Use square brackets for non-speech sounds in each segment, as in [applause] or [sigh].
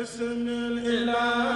باسم الإله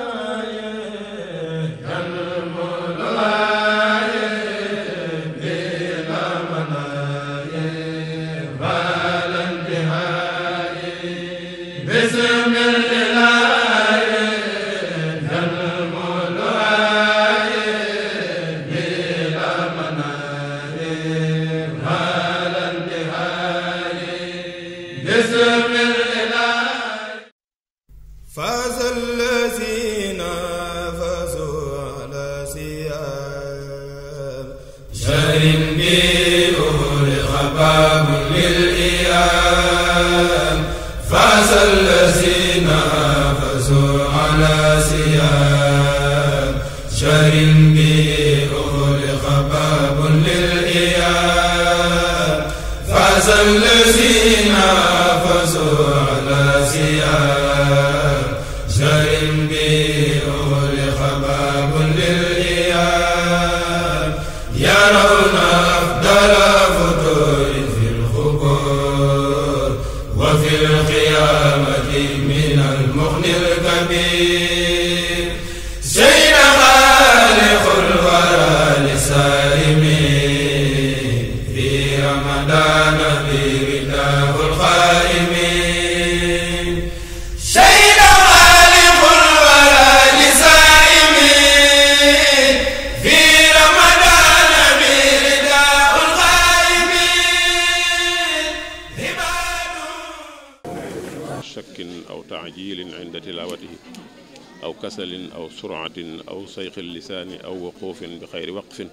aw kasalin aw suraatin aw sayqi lisaani aw wuquufin bi xayri waqfin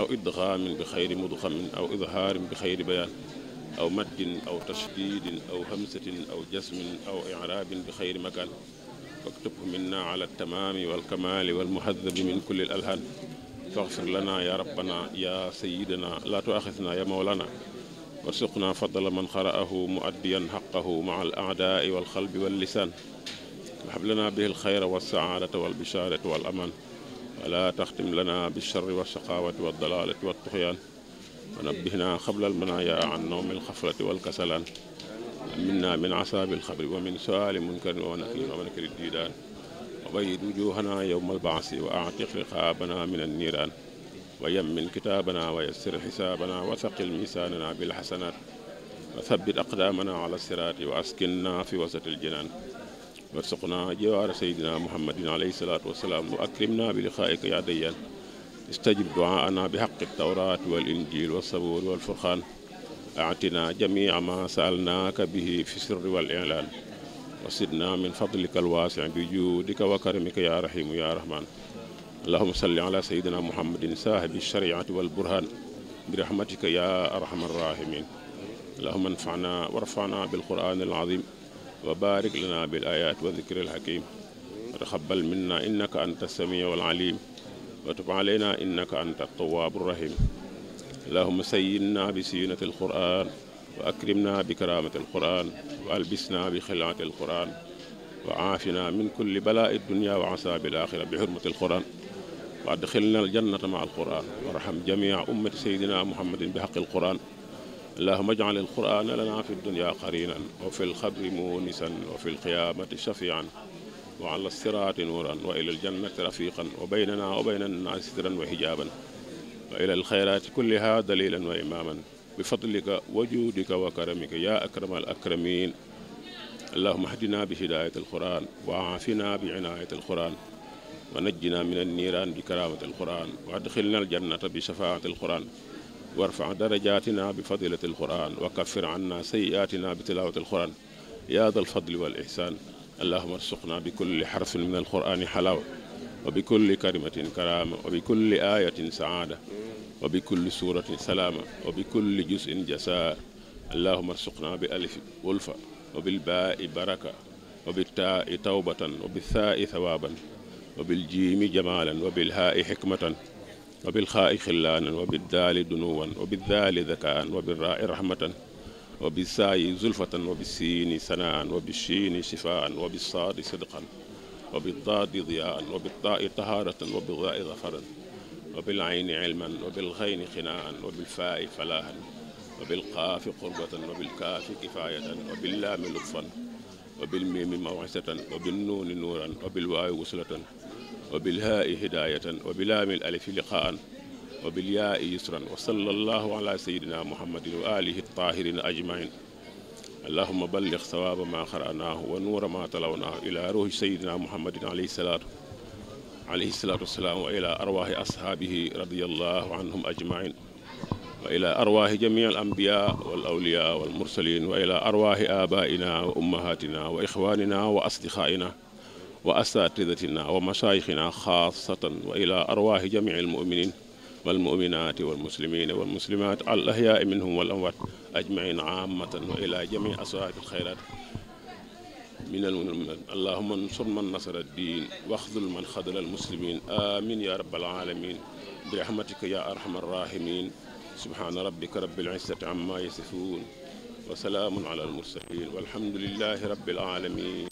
aw idxaamin bi xayri mudxamin aw idhaarin bi xayri bayaan aw maddin aw tashdidin aw hamsatin aw jasmin aw i'rabin bi xayri makan waktubhu minna ala tamaami wal kamaali wal muhaddabi min kulli al alhan faghfir lana ya rabbana ya sayyidana la tu'akhizna ya mawlana warsuqna fadla man qara'ahu mu'addiyan haqqahu ma'a al a'da'i wal qalbi wal lisan wahab lana bihi al khayra was sa'adata wal bisharata wal aman wa la takhtim lana bish-sharri wash-shaqawati wad-dalalati wat-tughyan ونبهنا قبل المنايا عن نوم الخفرة والكسلان منا من عصاب الخبر ومن سؤال منكر ونكير ومنكر الديدان وبيد وجوهنا يوم البعث وأعتق رقابنا من النيران ويمن كتابنا ويسر حسابنا وثقل ميزاننا بالحسنات وثبت أقدامنا على الصراط وأسكننا في وسط الجنان وارزقنا جوار سيدنا محمد عليه الصلاة والسلام وأكرمنا بلقائك يا ديان istajib duaana bi xaqi tawraat wal injil wa sabuur wal furxaan atina jamia ma saalnaaka bihi fi sirri wal ilaan wa sidna min fadlika alwaasi bi juudika wa karimika ya rahimu ya rahmaan allahuma salli ala sayidina muhammadin saahibi shariati wal burhaan bi rahmatika ya arhamar rahimin allahuma anfana warfana bilquran alazim wa barik lana bil ayat wa dikri alhakim taqabbal minna innaka anta samiu alalim وتب علينا إنك أنت التواب الرحيم اللهم سيدنا بسينة القرآن وأكرمنا بكرامة القرآن وألبسنا بخلعة القرآن وعافنا من كل بلاء الدنيا وعذاب الآخرة بحرمة القرآن وأدخلنا الجنة مع القرآن وارحم جميع أمة سيدنا محمد بحق القرآن اللهم اجعل القرآن لنا في الدنيا قرينا وفي الخبر مونسا وفي القيامة شفيعا wa ala siraati nuuran wa ila aljannati rafiqan wa baynana wa bayna annaasi sitran wa hijaaban wa ila alxayraati kulliha dalilan wa imaaman bi fadlika wa juudika wa karamika yaa akrama al akramin allahuma ahdina bi hidaayati alquran wa aafina bi inaayati alquran wa najjina min anniiraan bi karaamati alquran wa adxilna aljannata bi shafaati alquran warfa darajaatina bi fadilati alquran wa kaffir anna sayyiaatina bi tilaawati alquran yaa dal fadli wal ihsaan allahuma arsuqna bi kulli xarfin min alqurani xalawa wa bi kulli kalimatin karaama wa bi kulli ayatin saada wa bi kulli suratin salaama wa bi kulli jusin jasaa allahuma arsuqna bi alifi wulfa wa bil baai baraka wa bi taai tawbatan wa bi thaai thawaaban wa bil jiimi jamaalan wa bil haai xikmatan wa bil xaai xillaanan wa bi daali dunuwan wa bi daali zakaan wa bi raai rahmatan wa bi saayi zulfatan wa bi siini sanaan wa bi shiini shifaan wa bi saadi sidqan wa bi daadi diyaan wa bi taai tahaaratan wa bi zaai zafaran wa bil ayni ilman wa bil xayni xinaan wa bil faa'i falaahan wa bil qaafi qurbatan wa bil kaafi kifaayatan wa bil laami lutfan wa bil miimi mawxisatan wa bin nuuni nuuran wa bil waawi wuslatan wa bil haa'i hidaayatan wa bi laamil alifi liqaan wa bilyaa'i yusran wa sallallahu ala sayyidina muhammadin wa alihi tahirin ajmain allahuma ballig sawaaba ma xaranaahu wa nuura ma talawnaahu ila ruuhi sayyidina muhammadin alayhi salaatu alayhi salaatu wasalaam wa ila arwaahi ashaabihi radiyallahu anhum ajmain wa ila arwaahi jamii al ambiya wal awliya wal mursalin wa ila arwaahi abaa'ina wa ummahaatina wa ixwaanina wa asdiqaa'ina wa asaatidatina wa mashaayixina xaasatan wa ila arwaahi jamii al mu'minin wal muminaati wal muslimiina wal muslimaat al ahyaai minhum wal amwaat ajmain aamatan wa ila jamii aswaabi alxayraat min al muminat allahuma ansur man nasara diin waxdul man xadala al muslimiin amin ya rabbal aalamiin bi rahmatika ya arhamar raahimiin subhaana rabbika rabbil izzati amma yasifuun wa salaamun ala al mursaliin walhamdulillahi rabbil aalamiin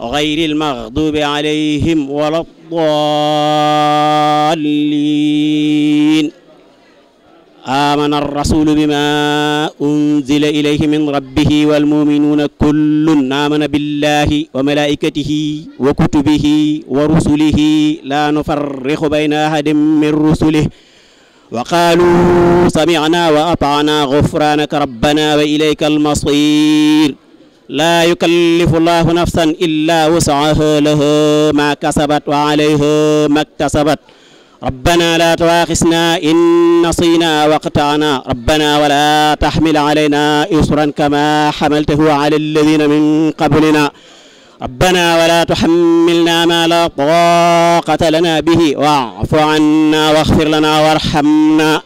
غير المغضوب عليهم ولا الضالين آمن الرسول بما أنزل إليه من ربه والمؤمنون كل آمن بالله وملائكته وكتبه ورسله لا نفرق بين أحد من رسله وقالوا سمعنا وأطعنا غفرانك ربنا وإليك المصير laa yukallifu llahu nafsan illa wusaha laha ma kasabat wa alayha maktasabat rabbana la tuaxisna in nasina waqtaana rabbana wala taxmil alayna isran kama xamaltahu ala alladina min qablina rabbana wala tuxamilna ma la taqata lana bihi wafu anna waxfir lana warxamna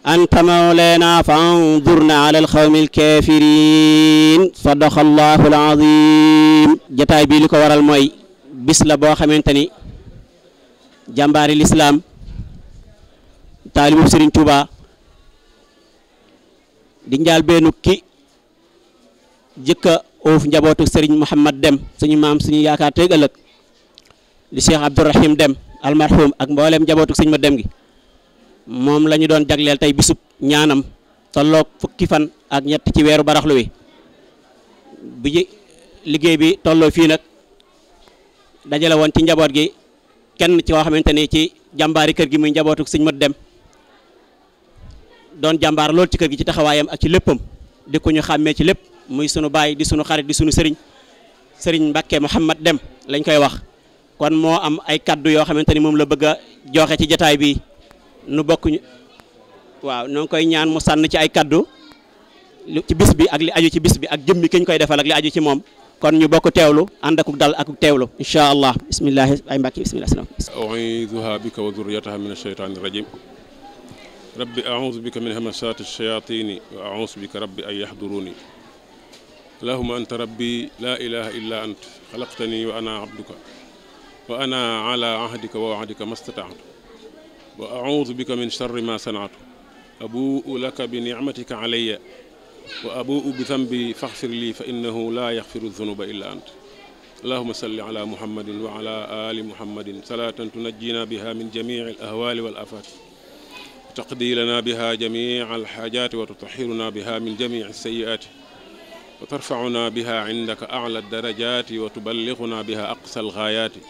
anta mawlaana fanzurna ala alqawmi alkaafiriin sadaqa allahu alazim jataay bii li ko waral mooy bis la boo xamante ni jàmbaari lislaam taalibu Sëriñ Tuuba di njaal beenu ki jëkka uuf njabootu Sëriñ Muhammad Dem suñu maam suñu yaakaar teeg ëllëg di Cheikh Abdourahim Dem almarhum ak mboolem njabootu Sëriñ ma Dem gi moom lañu doon jagleel tey bisub ñaanam tolloog fukki fan ak ñett ci weeru baraxlu wi bi liggéey bi tolloo fii nag dajale woon ci njaboot gi kenn ci koo xamante ni ci jàmbaari kër gi muy njabootuk sëñ mat dem doon jàmbaar lool ci kër gi ci taxawaayam ak ci léppam di ko ñu xàmmee ci lépp muy sunu baay di sunu xarit di sunu sëriñ sëriñ Mbàkke Mouhamad Dem lañ koy wax kon moo am ay kàddu yoo xamante ni moom la bëgg a joxe ci jataay bii nu bokk ñu waaw noo ngi koy ñaan mu sànn ci ay kaddu ci bis bi ak li aju ci bis bi ak jëmmi ki ñu koy defal ak li aju ci moom kon ñu bokk teewlu ànd akuk dal akuk teewlu incha allah bismillah ay mbàkki bismillah salaam auzuha bika wa zurriyataha min ashaytani rajim rabbi auzu bika min hamasati shayatini wa auzu wa audu bika min charri ma sanaatu abuu laka bi nicmatika alaya wa abuu bi dambi faxfir lii fa innahu laa yaxfiru dunuba illa ant allahuma salli ala muhammadin wa ala ali muhammadin salaatan tunajjina biha min jamici alahwaali wal afaat wa taqdi lana biha jamic alxaajaati wa tutahiruna biha min jamici alsayiaati wa tarfacuna biha cindaka acla aldarajaati wa tuballighuna biha aqsa algaayaati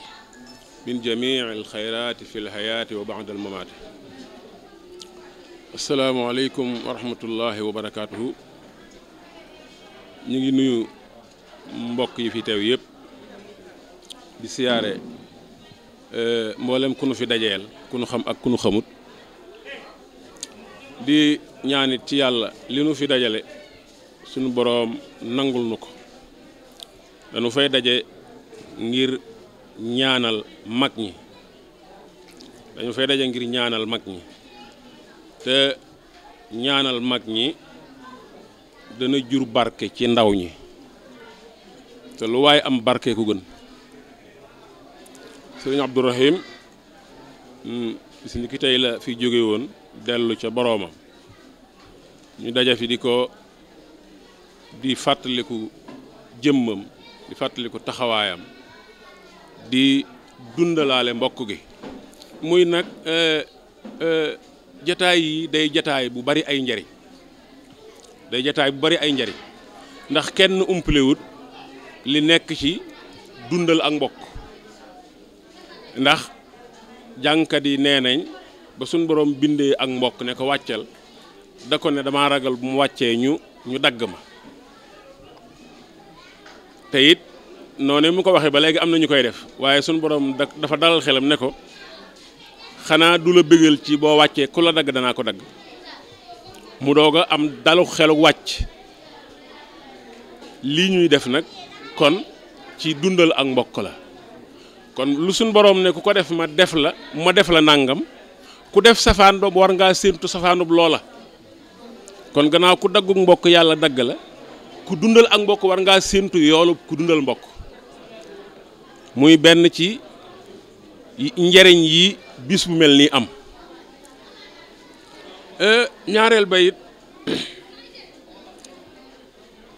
min jamii alxayraati fi lxayaati wa baad almamaati asalaamualeykum wa rahmatullahi wa barakaatuhu ñu ngi nuyu mbokk yi fi teew yëpp di siyaare euh, mboolem ku nu fi dajeel ku xam ak ku nu xamut di ñaanit ci yàlla li nu fi dajale sunu boroom nangul nu ko dañu fay daje ngir ñaanal mag ñi dañu fay daje ngir ñaanal mag ñi te ñaanal mag ñi dana jur barke ci ndaw ñi te lu waaye am barke ku gën sëriñ Abdourahim mm, bis ni ki tey la fi jóge woon dellu ca boroomam ñu daja fi di ko di fàttaliku jëmmam di fàttaliku taxawaayam di dundalaale mbokk gi muy nag eh, eh, jataay yi day jataay bu bari ay njariñ day jataay bu bari ay njariñ ndax kenn umpalewut li nekk ci dundal ak mbokk ndax jànkat yi nee nañ ba suñ borom bindee ak mbokk ne ko wàccal da ko ne dama ragal bu mu wàccee ñu ñu dagg ma te noonu mu ko waxee ba léegi am na ñu koy def waaye suñu borom dafa dalal xelam ne ko xanaa du la bëggal ci boo wàccee ku la dagg danaa ko dagg mu doog a am dalu xelu wàcc lii ñuy def nag kon ci dundal ak mbokk la kon lu suñ borom ne ku ko def ma def la ma def la nangam ku def safaan war ngaa séentu safaanub loola kon gannaaw ku dagguk mbokk yàlla dagg la ku dundal ak mbokk war ngaa séentu yoolub ku dundal mbokk muy benn ci njariñ yi bis bu mel ni am euh, ñaareel ba it [coughs]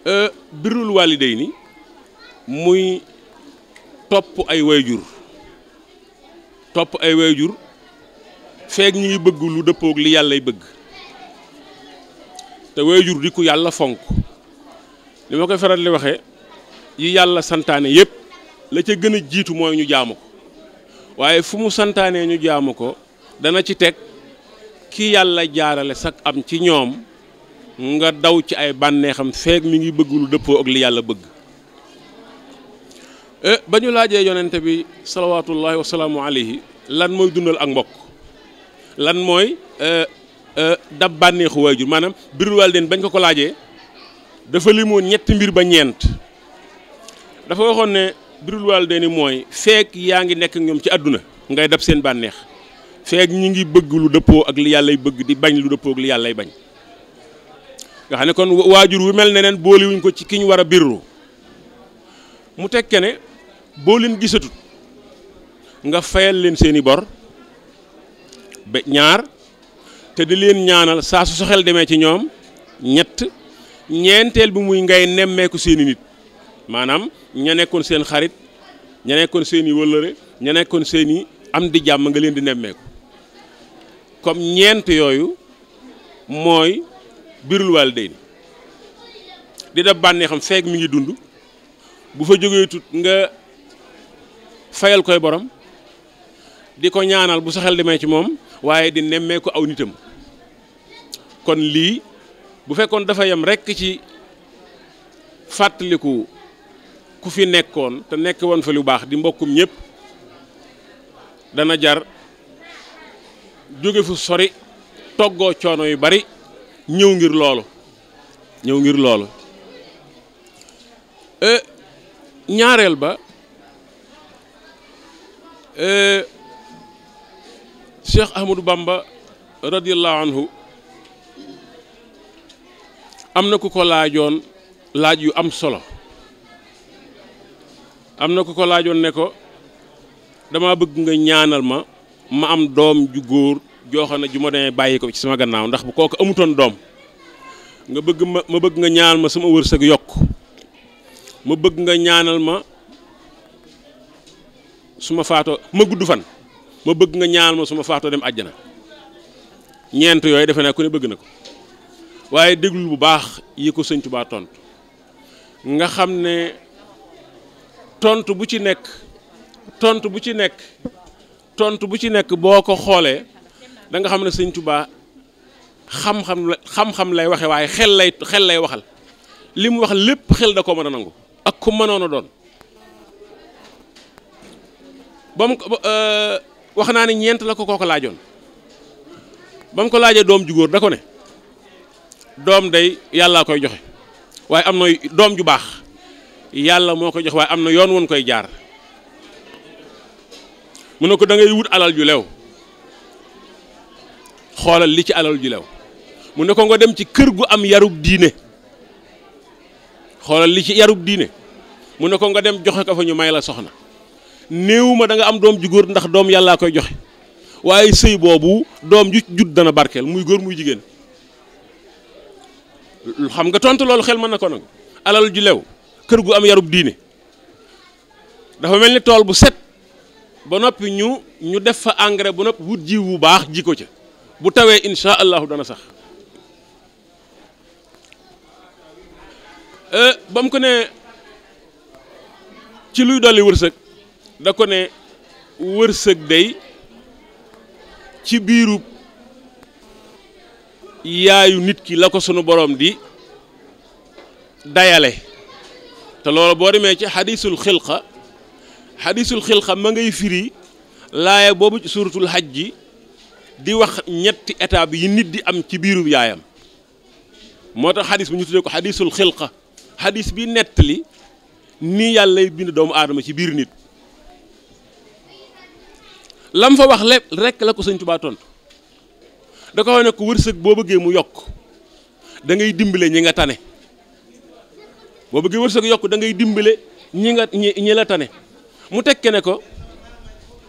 euh, birrul ni muy topp ay wayjur topp ay wayjur feek ñu ngi bëgg lu dëppoog li yàllay bëgg te wayjur di ku yàlla fonk li ma koy faral di waxee yi yàlla santaane yépp la ca gën a jiitu mooy ñu jaamu ko waaye fu mu santaanee ñu jaamu ko dana ci teg ki yàlla jaarale sak am ci ñoom nga daw ci ay bànneexam feeg mi ngi bëggul lu dëppoo ak li yàlla bëgg e, ba ñu laajee yonente bi salawaatullahi wasalaamu alayhi lan mooy dundal ak mbokk lan mooy e, e, dab bànneexu waajur maanaam birul waalideen bañ ko ko laajee dafa limoon ñetti mbir ba ñeent dafa waxoon ne birul waal deni mooy feek yaa ngi nekk ñoom ci àdduna ngay dab seen bànneex feek ñi ngi bëgg lu dëppoo ak li yàllay bëgg di bañ lu dëppoo ak li yàllay bañ nga xam ne kon waajur wu mel ne neen booliwuñ ko ci ki ñu war a birru mu tekke ne boo leen gisatut nga fayal leen seeni bor ba ñaar te di leen ñaanal saa su soxel demee ci ñoom ñett ñeenteel bi muy ngay nemmeeku seeni nit maanaam ña nekkoon seen xarit ña nekkoon seen i wëllëre ña nekkoon seen i am di jàmm nga leen di nemmeeku comme ñeent yooyu mooy birul waalidayni di def bànneexam feek mi ngi dund bu fa jógee tut nga fayal koy borom di ko ñaanal bu saxel demee ci moom waaye di nemmeeku aw nitam kon lii bu fekkoon dafa yem rekk ci fàttaliku ku fi nekkoon te nekk woon fa lu baax di mbokkum ñëpp dana jar jóge fu sori toggoo coono yu bari ñëw ngir loolu ñëw ngir loolu e, ñaareel ba e, Cheikh Ahmadou Bamba radiyallahu anhu am na ku ko laajoon laaj yu am solo am na ko ko laajoon ne ko dama bëgg nga ñaanal ma ma am doom ju góor joo ne ju ma demee bàyyi ko ci sama gannaaw ndax bu kooku amutoon doom nga bëgg ma bëgg nga ñaanal ma sama wërsëg yokk ma bëgg nga ñaanal ma su ma faatoo ma gudd fan ma bëgg nga ñaanal ma suma faatoo dem àjjana ñeent yooyu defe naa ku ne bëgg na ko waaye déglul bu baax yi ko sëñ Tuubaa tontu nga xam ne tontu bu ci nekk tontu bu ci nekk tontu bu ci nekk boo ko xoolee danga xam ne sëñ Tuubaa xam-xam la xam lay waxe waaye xel lay xel lay waxal li mu wax lépp xel da ko mën a nangu ak ku mënoon a doon ba mu euh, wax naa ne ñeent la ko kooko laajoon ba ko laajee doom ju góor da ko ne doom day yàllaa koy joxe waaye am na doom ju baax yàlla moo ko jox waaye am na yoon woon koy jaar mu ne ko dangay wut alal ju lew xoolal li ci alal ju lew mu ne ko nga dem ci kër gu am yarub diine xoolal li ci yarub diine mu ne ko nga dem joxe ko fa ñu may la soxna néew ma da am doom ju góor ndax doom yàllaa koy joxe waaye sëy boobu doom ju jut dana barkeel muy góor muy jigéen xam nga tontu loolu xel ma na ko nag alal ju lew kër gu am yarub diine dafa mel ni tool bu set ba noppi ñu ñu def fa engrais ba noppi wut jiw bu baax ji ko ca bu tawee insha allahu dana sax euh, ba mu ko ne ci luy dolli wërsëg da ko ne wërsëg day ci biirub yaayu nit ki la ko sunu boroom di dayale te loolu boo demee ci xadisul xilqa xadisul xilqa ma ngay firi laaya boobu ci suuratul xaj ji di wax ñetti étape yi nit di am ci biiru yaayam moo tax xadis bu ñu tuddee ko xadisul xilqa xadis bi nettali nii yàlla lay bind doomu aadama ci biir nit lam fa wax lépp rek la ko sëñ Tuubaa tontu da ko wax ne ko wërsëg boo bëggee mu yokk da ngay dimbale ñi nga tane boo bëggee wërsëg yokk da ngay dimbale ñii nga ñi ñi la tane mu tekke ne ko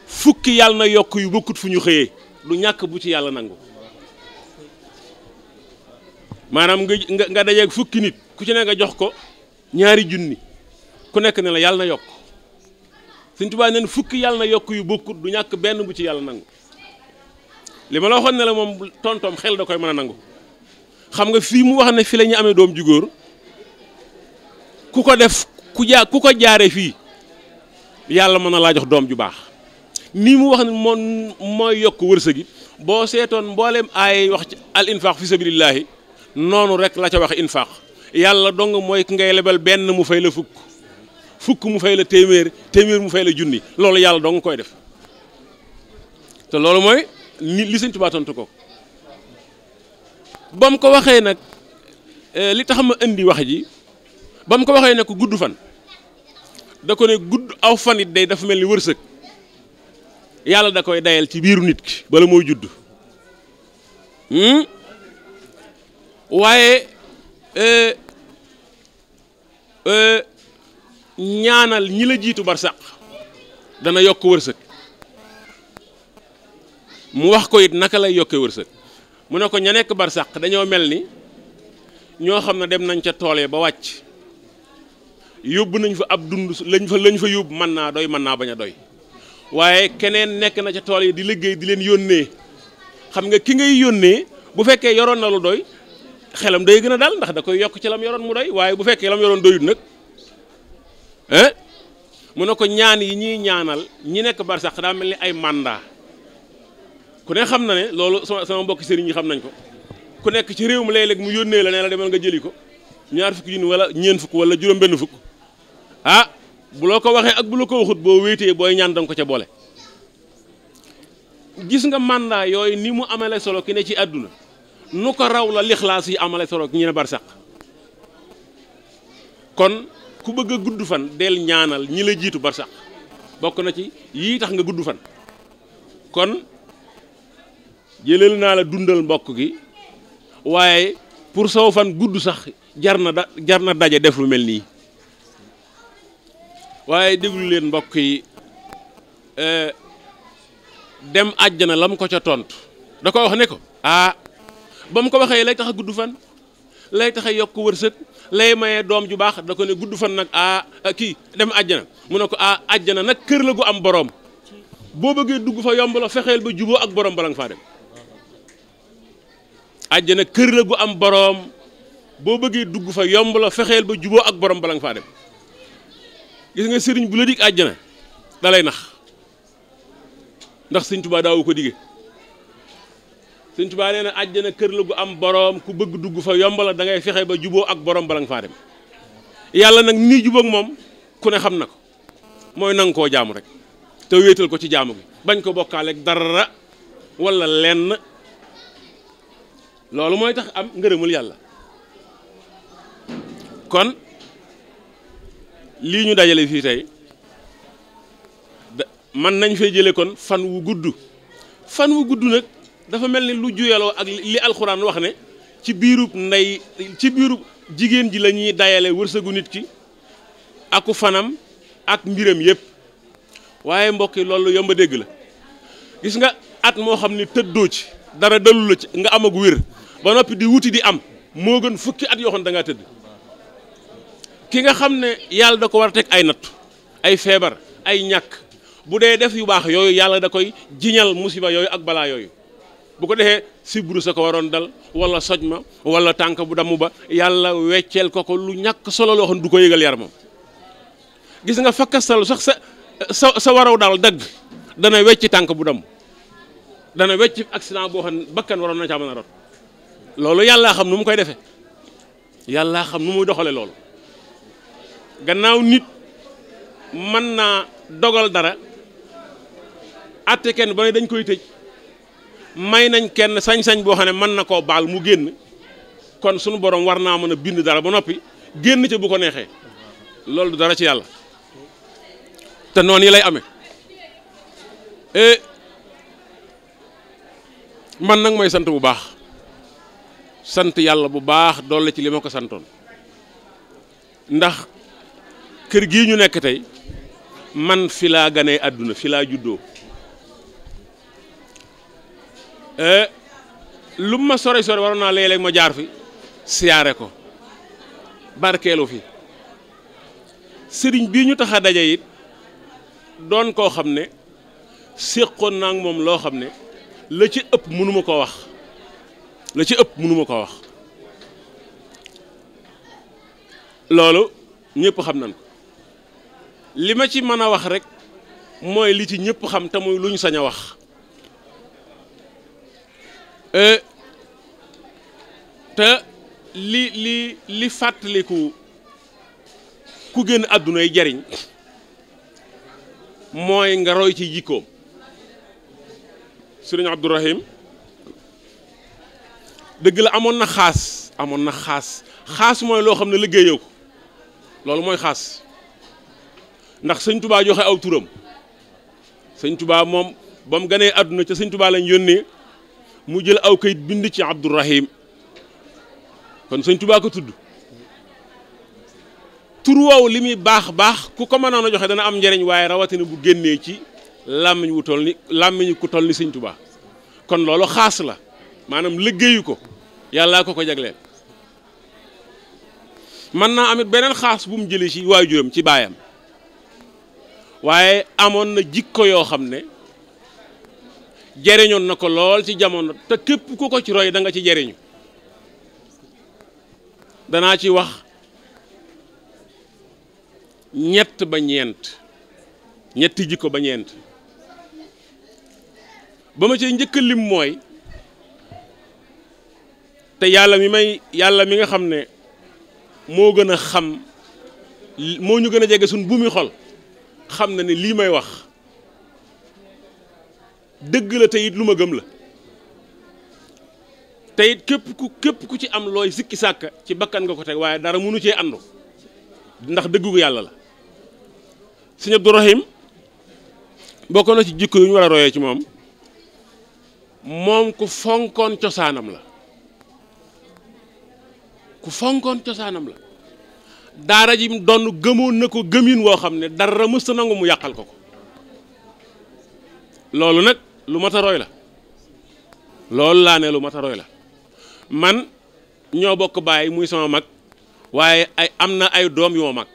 fukki yàlla na yokk yu bokkut fu ñu xëyee du ñàkk bu ci yàlla nangu maanaam nga nga dajeeg fukki nit ku ci ne nga jox ko ñaari junni ku nekk ne la yàlla na yokk Sëñ Tuubaa neen fukki yàlla na yokk yu bokkut du ñàkk benn bu ci yàlla nangu li ma la ne la moom tontoom xel da koy mën a nangu xam nga fi mu wax ne fi la ñu amee doom ju góor ku ko def ku jaar ku ko jaaree fii yàlla mën na laa jox doom ju baax ni mu wax moo moom mooy yokk wërsëgi boo seetoon mbooleem ay wax ci al infaq fi sabilillahi noonu rek la ca wax infaq yàlla dong mooy ki ngay lebal benn mu fay la fukk fukk mu fay la téeméer téeméer mu fay la junni loolu yàlla dong koy def te loolu mooy ni li Sëñ Tuubaa ko ba mu ko waxee nag eh, li tax ma indi wax ji. ba mu ko waxee ne ko gudd fan da ko ne gudd aw fan it day dafa mel ni wërsëg yàlla da koy dayal ci biiru nit ki bala mooy judd hmm? waaye e, e, ñaanal ñi la jiitu barsàq dana yokk wërsëg mu wax ko yit naka lay yokke wërsëg mu ne ko ña nekk barsàq dañoo mel ni ñoo xam ne dem nañ ca tool ya ba wàcc yóbbu nañ fa ab dund lañ fa lañ fa yóbbu mën naa doy man naa bañ a doy waaye keneen nekk na ca tool yi di liggéey di leen yónnee xam nga ki ngay yónnee bu fekkee yoroon na doy xelam day gën a dal ndax da koy yokk ci lam yoroon mu doy waaye bu fekkee lam yoroon doyut nag ah mu ne ko ñaan yi ñuy ñaanal ñi nekk barsax daa mel ni ay mandat ku ne xam na ne loolu sama sama mbokki sëriñ yi xam nañ ko ku nekk ci réew mi léeg-léeg mu yónnee la ne la nga jëli ko ñaar wala ñeen fukk wala juróom fukk a ah, bu loo ko waxee ak bu la ko waxut boo wéetee booy ñaan danga ko ca boole gis nga mandat yooyu ni mu amele solo ki ne ci àdduna nu ko raw la lixlaas yi amele solo ki ñu ne barsàq kon ku bëgg a gudd fan del ñaanal ñi la jiitu barsàq bokk na ci yii tax nga gudd fan kon jëlal naa la dundal mbokk gi waaye pour saw fan gudd sax jar jar na daje def lu mel nii waaye déglu leen mbokk yi e, dem àjjana la mu ko ca tontu da ko wax ne ko ah ba mu ko waxee lay tax gudd fan lay tax a yokk wërsëg lay maye doom ju baax da ko ne gudd fan nag ah kii dem àjjana mu ne ko ah àjjana nag kër la gu am boroom boo bëggee dugg fa yomb la fexeel ba juboo ak boroom bala nga faa dem am boroom boo bëggee dugg fa yomb fexeel ba juboo ak boroom bala faa dem. gis nga sëriñ bu la di àjjana dalay nax ndax sëñ daawu ko dige sëñ tubaa nee na àjjana kër la gu am boroom ku bëgg dugg fa yombal la da ngay fexe ba juboo ak boroom bala nga faa dem yàlla nag nii jubóog moom ku ne xam na ko mooy nanga koo jaamu rek te wéetal ko ci jaamu bi bañ ko bokkaaleeg dara walla lenn loolu mooy tax am ngërëmul yàlla kon lii ñu dajale fii tey man nañ fay jëlee kon fan wu gudd fan wu gudd nag dafa mel ni lu juyaloo ak li alxuraan wax ne ci biiru ndey ci biiru jigéen ji lañuy dayale dajale wërsëgu nit ki aku fanam ak mbiram yépp waaye mbokk yi loolu yomb dégg la gis nga at moo xam ni tëddoo ci dara dalu ci nga amagu ak wér ba noppi di wuti di am moo gën fukki at yoo xam da tëdd. ki nga xam ne yàlla da ko war a ay natt ay feebar ay ñàkk bu dee def yu baax yooyu yàlla da koy jiñal musiba yooyu ak balaa yooyu bu ko defee sibbiru sa ko waroon dal wala soj ma wala tànk bu damm ba yàlla wecceel ko ko lu ñàkk solo loo xam du ko yëgal yaramam gis nga fakkastalu sax sa sa sa waraw daal dagg dana wecci tànk bu damm dana wecc accident boo xam ne bakkan waroon na caa mën a rot loolu yàllaa xam nu mu koy defee yàllaa xam nu muy doxale loolu gannaaw nit mën naa dogal dara atte kenn ba ne dañ koy tëj may nañ kenn sañ-sañ boo xam ne mën na koo baal mu génn kon sunu borom war naa mën a bind dara ba noppi génn ca bu ko neexee loolu du dara ci yàlla te noonu yi lay ame e, mën nag mooy sant bu baax sant yàlla bu baax doole ci li ko santoon ndax kër gii ñu nekk tey man fi laa ganee àdduna fi laa juddoo eh, lu ma sore sore waroon naa léeg-léeg ma jaar fi siyaare ko barkeelu fi sëriñ bii ñu tax a daje it doon koo xam ne séqoon naa moom loo xam ne la ci ëpp mënuma ko wax la ci ëpp mënuma ko wax loolu ñépp xam nañ li ma ci mën a wax rek mooy li ci ñëpp xam te muy lu ñu sañ wax euh, te li li li fàttaliku ku génn àdduna yi jariñ mooy nga roy ci jikkoom sëriñ Abdourahim dëgg la amoon na xaas amoon na xaas xaas mooy loo xam ne liggéeyoo ko loolu mooy xaas ndax sëñ tubaa joxe aw turam sëñ tubaa moom ba mu ganee àdduna ca sëñ tubaa lañ yónnee mu jël aw kayit bind ci abdourahim kon sëñ tubaa ko tudd tur woowu li muy baax baax ku ko mënoon a joxe dana am njariñ waaye rawatina bu génnee ci làmmiñ wu toll ni làmmiñ ku toll ni sëñ tubaa kon loolu xaas la maanaam liggéeyu ko yàllaa ko ko jagleel mën naa amit beneen xaas bu mu jëlee ci waajuram ci baayam waaye amoon na jikko yoo xam ne jariñoon na ko lool ci jamono te képp ku ko ci roy da nga ci jariñu danaa ci wax ñett ba ñeent ñetti jikko ba ñeent ba ma cee njëkk lim mooy te yàlla mi may yàlla mi nga xam ne moo gën a xam moo ñu gën a jege suñ buumi xol xam na ni lii may wax dëgg la teyit lu ma gëm la teyit képp ku képp ku ci am looy sikki sàkk ci bakkan nga ko teg waaye dara munu cee àndu ndax dëggu yàlla la sëñ Abdou Rahim bokk na ci jikko yu ñu war a royee ci moom moom ku fonkoon cosaanam la ku fonkoon cosaanam la daara ji donn doon gëmoon na ko gëmin woo xam ne dara mës a nangu mu yàqal ko ko loolu nag lu mat a roy la loolu laa ne lu mat a roy la man ñoo bokk bàyyi muy sama mag waaye am na ay doom yu ma mag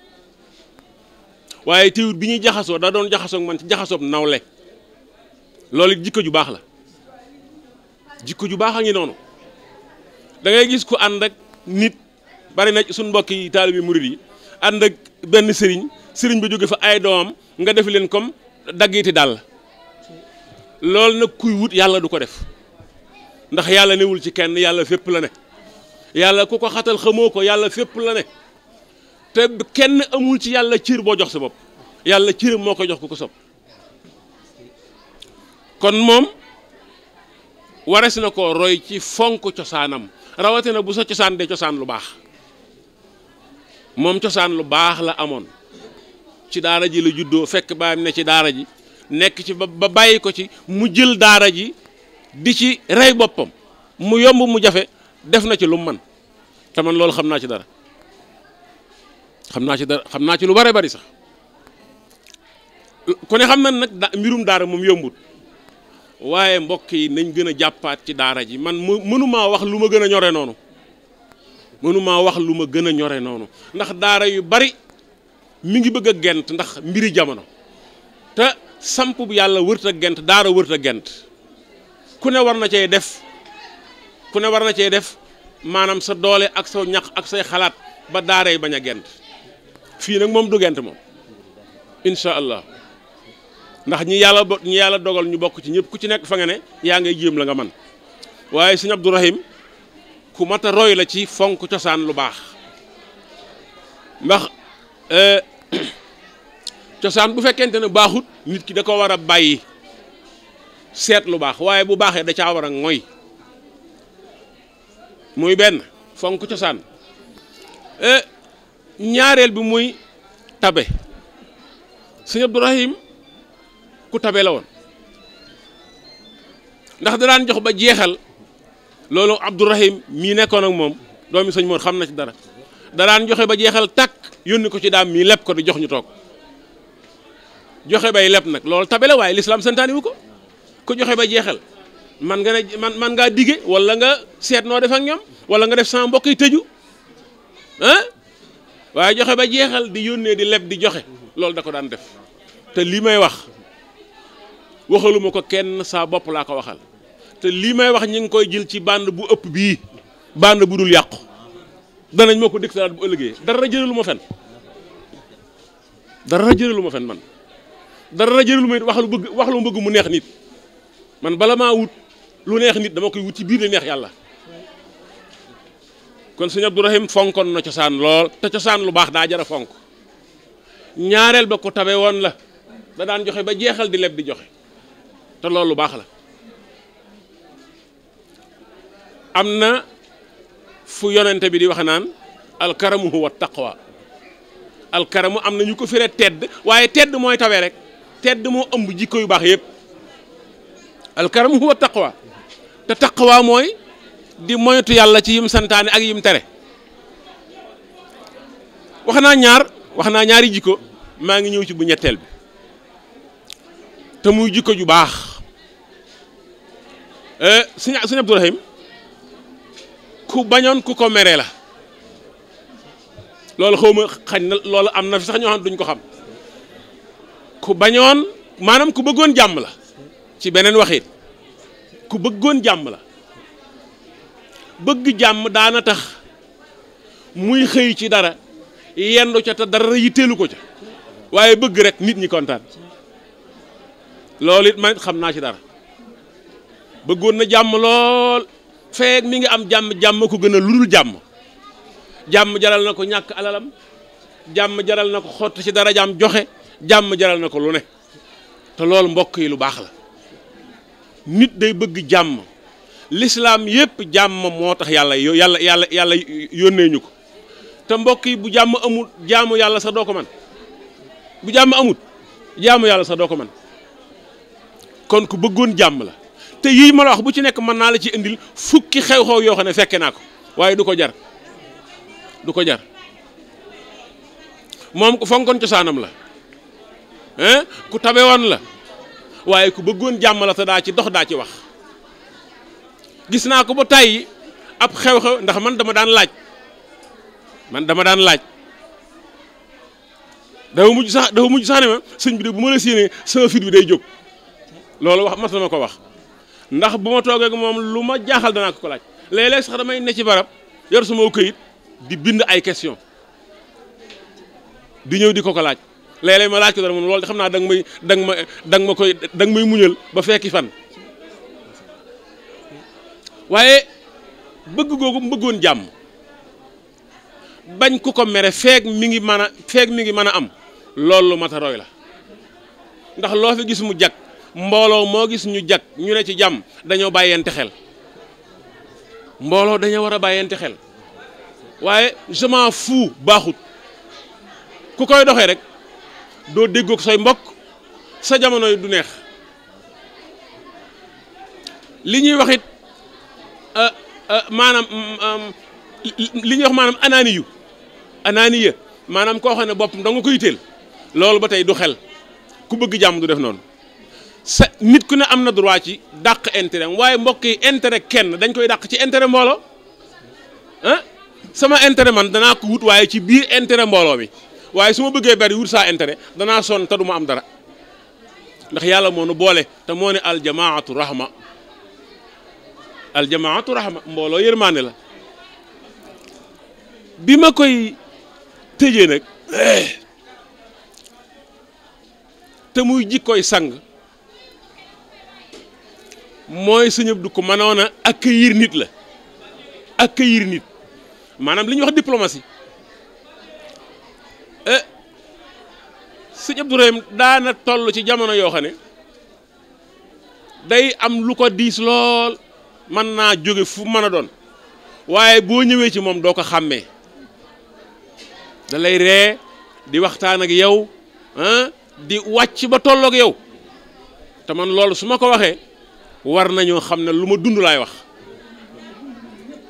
waaye tiwut bi ñuy jaxasoo da doon jaxasoo man ci jaxasoob nawle loolu jikko ju baax la jikko ju baax a ngi noonu dangay gis ku ànd ak nit bari na suñ mbokk yi taalibi murid yi ànd ak benn sëriñ sëriñ bi jóge fa ay doomam nga def leen comme daggiti daal loolu nag kuy wut yàlla du ko def ndax yàlla newul ci kenn yàlla fépp la ne yàlla ku ko xatal xamoo ko yàlla fépp la ne te kenn amul ci yàlla ciir boo jox sa bopp yàlla cër moo ko jox ku ko sopp kon moom warees na ko roy ci fonk cosaanam rawatina bu sa cosaan dee cosaan lu baax moom cosaan lu baax la amoon ci daara ji la juddoo fekk baayam ne ci daara ji nekk ci ba bàyyi ko ci mu jël daara ji di ci rey boppam mu yomb mu jafe def na ci lu man te man loolu xam naa ci dara xam naa ci dara xam naa ci lu bare bari sax ku ne xam na nag mbirum daara moom yombut waaye mbokk yi nañ gën a jàppaat ci daara ji man mënuma wax lu ma gën a ñore noonu mënumaa wax lu ma gën a ñore noonu ndax daara yu bari mu ngi bëgg a gent ndax mbiri jamono te samp bu yàlla wërt gent daara wërt a gent ku ne war na cee def ku ne war na cee def maanaam sa doole ak sa ñax ak say xalaat ba daara yi bañ a gent fii nag moom du gent moom incha allah ndax ñi yàlla ñi yàlla dogal ñu bokk ci ñëpp ku ci nekk fa nga ne yaa ngay jéem la nga man waaye sëñ Abdourahim ku mat a roy la ci fonk cosaan lu baax ndax euh, [clears throat] cosaan bu fekkente ne baaxut nit ki da ko war a bàyyi seet lu baax waaye bu baaxee da caa war a ngoy muy benn fonk cosaan euh, ñaareel bi muy tabe sëñ Abdourahim ku tabe la woon ndax da daan jox ba jeexal loolu Abdourahim mii nekkoon ak moom doomi sëñ Mor xam na ci dara daraan joxe ba jeexal takk yónni ko ci daam mii lepp ko di jox ñu toog joxe bay lepp nag lool tabe la waaye lislaam santaani ko ko joxe ba jeexal man nga ne man man ngaa dige wala nga seet noo def ak ñoom wala nga def saa mbokk yi tëju ah waaye joxe ba jeexal di yónnee di leb di joxe loolu da ko daan def te lii may wax waxaluma ko kenn saa bopp laa ko waxal te lii may wax ñi ngi koy jël ci bànn bu ëpp bii bande bu dul yàqu danañ ma ko dégg salaat bu ëllëgee dara lu ma fen dara lu ma fen man dara jëralu ma it wax lu bëgg wax lu bëgg mu neex nit man bala maa wut lu neex nit dama koy wut ci biir li neex yàlla kon sëñ Abdourahim fonkoon na cosaan lool te cosaan lu baax daa jara fonk ñaareel ba ko tabe woon la da daan joxe ba jeexal di leb di joxe te loolu lu baax la am na fu yonente bi di wax naan alkaramu huwa taqwa alkaramu am na ñu ko firee tedd waaye tedd mooy tawee rek tedd moo ëmb jikko yu baax yëpp alkaramu huwa taqwa te taqwa mooy di moytu yàlla ci yim santaane ak yim tere wax naa ñaar wax naa ñaari jikko maa ngi ñëw ci bu ñetteel bi te muy jikko ju baax eh, sëñ sëñ Abdourahim ku bañoon ku ko meree la loolu xaw ma xañ na loolu am na fi sax ñoo xam duñ ko xam ku bañoon maanaam ku bëggoon jàmm la ci beneen waxit ku bëggoon jàmm la bëgg jàmm daana tax muy xëy ci dara yendu ca te dara yitteelu ko ca waaye bëgg rek nit ñi kontaan loolu it man xam naa ci dara bëggoon na jàmm lool feek mi ngi am jàmm jàmm ko gën a lu dul jàmm jàmm jaral na ko ñàkk alalam jàmm jaral na ko xott ci dara jàmm joxe jàmm jaral na ko lu ne te loolu mbokk yi lu baax la nit day bëgg jàmm lislaam yépp jàmm moo tax yàlla yàlla yàlla yàlla yónnee ñu ko te mbokk yi bu jàmm amul jaamu yàlla sa doo ko man bu jàmm amut jaamu yàlla sa doo ko man kon ku bëggoon jàmm la te yii ma la wax bu ci nekk mën naa la ci indil fukki xew-xew yoo xam ne fekke naa ko waaye du ko jar du ko jar moom ku fonkoon cosaanam la ku tabe woon la waaye ku bëggoon jàmm la te daa ci dox daa ci wax gis naa ko ba tàyyi ab xew-xew ndax man dama daan laaj man dama daan laaj dafa mujj sax dafa mujj sax ne ma sëñ bi de bu ma la séenee sama fit bi day jóg loolu wax ma tama ko wax ndax bu ma toogee ko moom lu ma jaaxal danaa ko ko laaj léeg-léeg sax damay ne ci barab yor sama këyit di bind ay question di ñëw di ko ko laaj léeg ma laaj ko dara moom loolu de xam naa danga may dang ma danga ma koy danga may muñal ba fekki fan waaye bëgg googu bëggoon jàmm bañ ku ko mere feeg mi ngi mën a feeg mi ngi mën a am loolu mata roy la ndax loo fi gis mu jag mbooloo moo gis ñu jag ñu ne ci jàmm dañoo bàyyente xel mbooloo dañoo war a bàyyente xel waaye je fu fous baaxut ku koy doxee rek doo déggoog say mbokk sa jamono du neex li ñuy wax it euh, euh, maanaam mm, mm, li ñuy wax maanaam anaani yu anaani ya maanaam koo xam ne boppam da nga koy teel loolu ba tey du xel ku bëgg jàmm du def noonu sa nit ku ne am na droit ci dàq intérêt waaye mbokk yi intérêt kenn dañ koy dàq ci intérêt mbooloo ah sama intérêt man danaa ko wut waaye ci biir intérêt mbooloo bi waaye su ma bëggee bari wut saa intérêt danaa sonn te du ma am dara ndax yàlla moo nu boole te moo ne aljamaatu rahma aljamaatu rahma mbooloo yërmaande la bi ma koy tëjee nag eh, te muy koy sang mooy sëñ Abdou ko mënoon a accueillir nit la ak accueillir nit maanaam li ñuy wax diplomatie eh sëñ Abdou daana toll ci jamono yoo xam ne day am lu ko diis lool mën naa jóge fu mën a doon waaye boo ñëwee ci moom doo ko xàmmee dalay lay ree di waxtaan ak yow ah, di wàcc ba tolloog yow te man loolu su ma ko waxee. war nañoo xam ne lu ma dund laay wax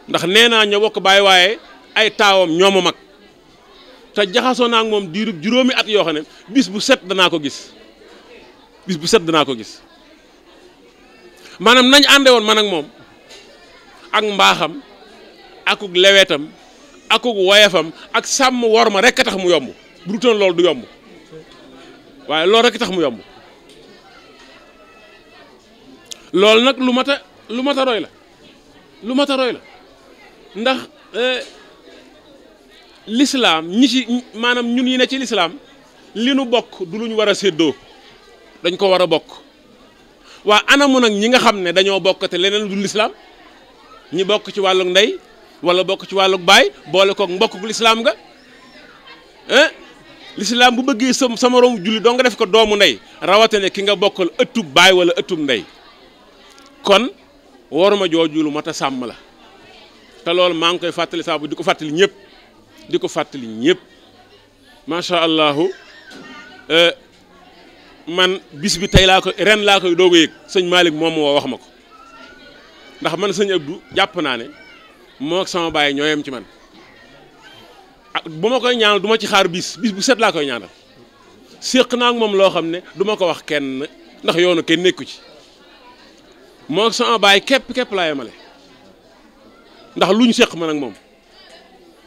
ndax nee naa ñoo bokk bàyyi waaye ay taawam ñoo ma mag te jaxasoo naa ak moom diirub juróomi at yoo xam ne bis bu set danaa ko gis bis bu set danaa ko gis maanaam nañ ànde woon man ak moom ak mbaaxam akuk lewetam akuk woyafam ak sàmm wor ma rekk a tax mu yomb bu dutoon loolu du yomb waaye loolu rekk tax mu yomb loolu nag lu mat a lu mat a roy la lu mat a roy la ndax euh, lislaam ñi ci maanaam ñun yi ne ci lislaam li nu bokk du luñ war a séddoo dañ ko war a bokk waa anamu nag ñi nga xam ne dañoo bokk te leneen du lislaam ñi bokk ci wàllug ndey wala bokk ci wàllug baay boole mbokk mbokkug lislaam nga eh lislaam bu bëggee sama sa moroom julli doo nga def ko doomu ndey rawatina ki nga bokkal ëttub baay wala ëttub ndey kon war ma lu mat a sàmm la te loolu maa ngi koy fàttali saabu di ko fàttali ñëpp di ko fàttali ñëpp macha allahu eh, man bis bi tey laa ko ren laa koy doog a yëg sëñ Malick moom moo wax ma ko ndax man sëñ Abdou jàpp naa ne moo ak sama baay ñooyam ci man ah bu ma koy ñaanal du ma ci xaar bis bis bu set laa koy ñaanal séq naa ak moom loo xam ne du ma ko wax kenn ndax yoonu kenn nekku ci. moo sama baay képp képp laa yemale ndax lu ñu seq ma nag moom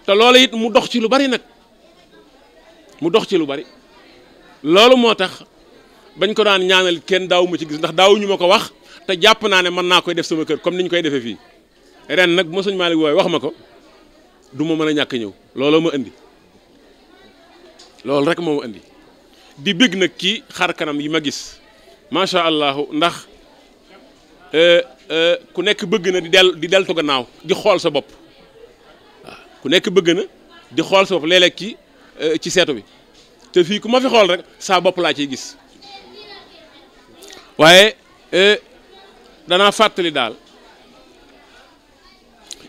te loola it mu dox ci lu bari nag mu dox ci lu bari loolu moo tax bañ ko daan ñaanal kenn daaw ma ci gis ndax daawuñu ma ko wax te jàpp naa ne mën naa koy def sama kër comme niñ koy defee fii ren nag ma sëñ Malick wooye wax ma ko du ma mën a ñàkk ñëw looloo ma indi loolu rek moo ma indi di bég nag ci xar kanam yi ma gis macha allah ndax. Euh, euh, ku nekk bëgg na di del di deltu gannaaw di xool sa bopp waaw ku nekk bëgg na di xool sa bopp léeg ci euh, ci bi te fii ku xool rek saa bopp laa ciy gis waaye danaa fàttali daal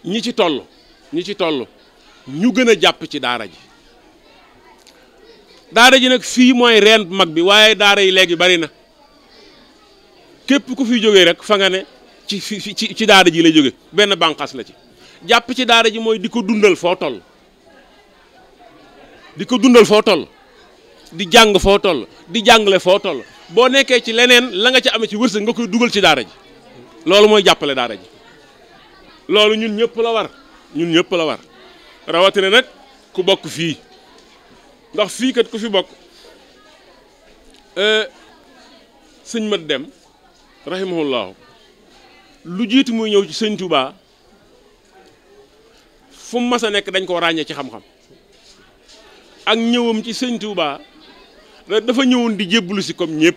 ñi ci toll ñi ci toll ñu gën a jàpp ci daara ji daara ji nag fii mooy reen mag bi waaye daara yi léegi bari na képp ku fi jógee rek fa nga ne ci fi ci ci daara ji la jóge benn bànqaas la ci jàpp ci daara ji mooy di ko dundal foo toll di ko dundal foo toll di jàng foo toll di jàngale foo toll boo nekkee ci leneen la nga ci amee ci wërsëg nga koy dugal ci daara ji loolu mooy jàppale daara ji loolu ñun ñëpp la war ñun ñëpp la war rawatine nag ku bokk fii ndax fii kat ku fi bokk euh, sëñ mat dem rahimahullahu lu jiitu muy ñëw ci sëñ Touba fu mu a nekk dañ koo ràññee ci xam-xam ak ñëwam ci sëñ Touba dafa ñëwoon di jébbalu si comme ñëpp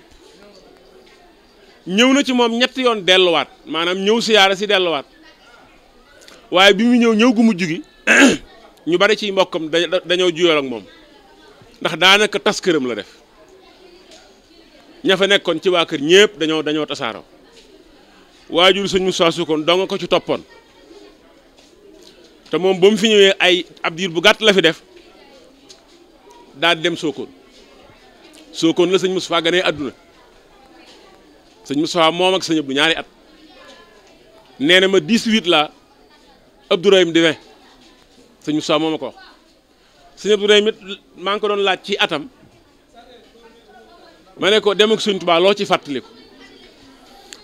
ñëw na ci moom ñetti yoon delluwaat maanaam ñëw siyaara si delluwaat waaye bi mu ñëw ñëw gu mujj gi [coughs] ñu bari ciy mbokkam dañoo juyool ak moom ndax daanaka tas këram la def ña fa nekkoon ci waa kër ñëpp dañoo dañoo tasaaroo waajur sëñ Moussa Sokone dong ko ci toppoon te moom ba mu fi ñëwee ay ab diir bu gàtt la fi def daal dem Sokone Sokone la sëñ Moustapha ganee àdduna sëñ Moustapha moom ak sëñ Abdou ñaari at nee na ma 18 la Abdourahim di vingt sëñ Moustapha moom a ko wax sëñ Abdourahim maa ngi ko doon laaj ci atam ma ne ko dem ak sëñ Touba loo ci fàttaliku